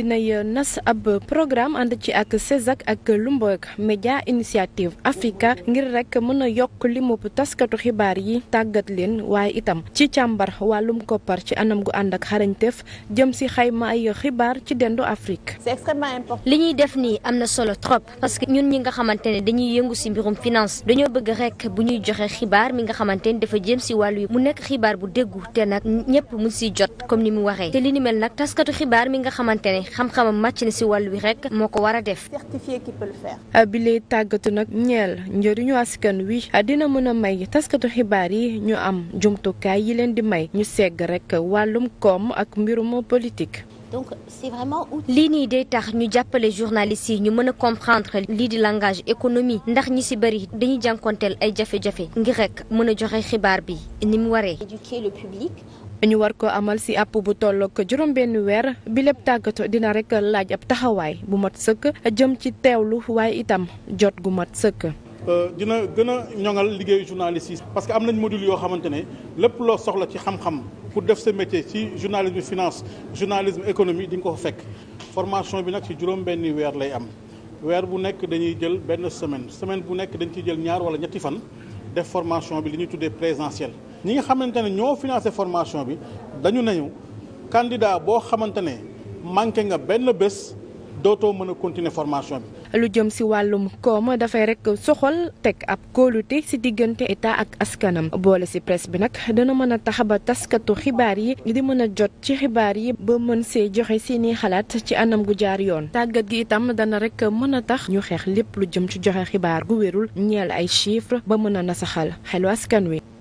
dina dinay nas ab programme ànd ci ak CESAC ak Bloomberg Media Initiative Africa ngir rek mën a yokk limub taskatu xibaar yi tàggat leen waaye itam ci càmbar wàllum koppar ci anam gu ànd ak xarañteef jëm si xayma ay xibaar ci dendu Afrique. c'est extrêmement li ñuy def nii am na solo trop parce que ñun ñi nga xamante ne dañuy yëngu si mbirum finance dañoo bëgg rek bu ñuy joxe xibaar mi nga xamante ne dafa jëm si wàll yi mu nekk xibaar bu déggu te nag ñëpp mu siy jot comme ni mu waxee te li ni mel nag xibaar mi nga xamante ne xam-xamam màcc na si wàll wi rek moo ko war a def. certifié qui le tàggatu nag ñeel njëriñu askan wi dina mën a may taskatu xibaar yi ñu am jumtukaay yi leen di may ñu segg rek wàllum koom ak mbirum politique. lii nii day tax ñu jàppale journalistes yi ñu mën a comprendre lii di langage économie ndax ñi ci bari dañuy jànkoonteel ay jafe-jafe ngir rekk mën a joxe xibaar bi ni waree. dañu war ko amal si app bu tolloog juróom benn weer bi lépp tàggat dina rek laaj ab taxawaay bu mat sëkk jëm ci teewlu waaye itam jot gu mat sëkk. Euh, dina gën a ñoŋal liggéeyu journaliste yi. parce que am nañ module yoo xamante ne lépp loo soxla ci xam-xam pour def sa métier ci journalisme finance journalisme économie di ko fekk formation bi nag ci juróom benn weer lay am weer bu nekk dañuy jël benn semaine semaine bu nekk dañ ciy jël ñaar wala ñetti fan def formation bi li ñuy tuddee présentiel. ñi nga xamante ne ñoo financé formation bi dañu nañu candidat boo xamante ne manqué nga benn bés dootoo mën a continuer formation bi. lu jëm ci wàllum koom dafay rek soxal teg ab kóolute ci diggante état ak askanam boole ci presse bi nag dana mën a tax ba taskatu xibaar yi di mën a jot ci xibaar yi ba mën see joxe seeni xalaat ci anam gu jaar yoon. tàggat gi itam dana rek mën a tax ñu xeex lépp lu jëm ci joxe xibaar gu wérul ñeel ay chiffres ba mën a nasaxal xelu askan wi.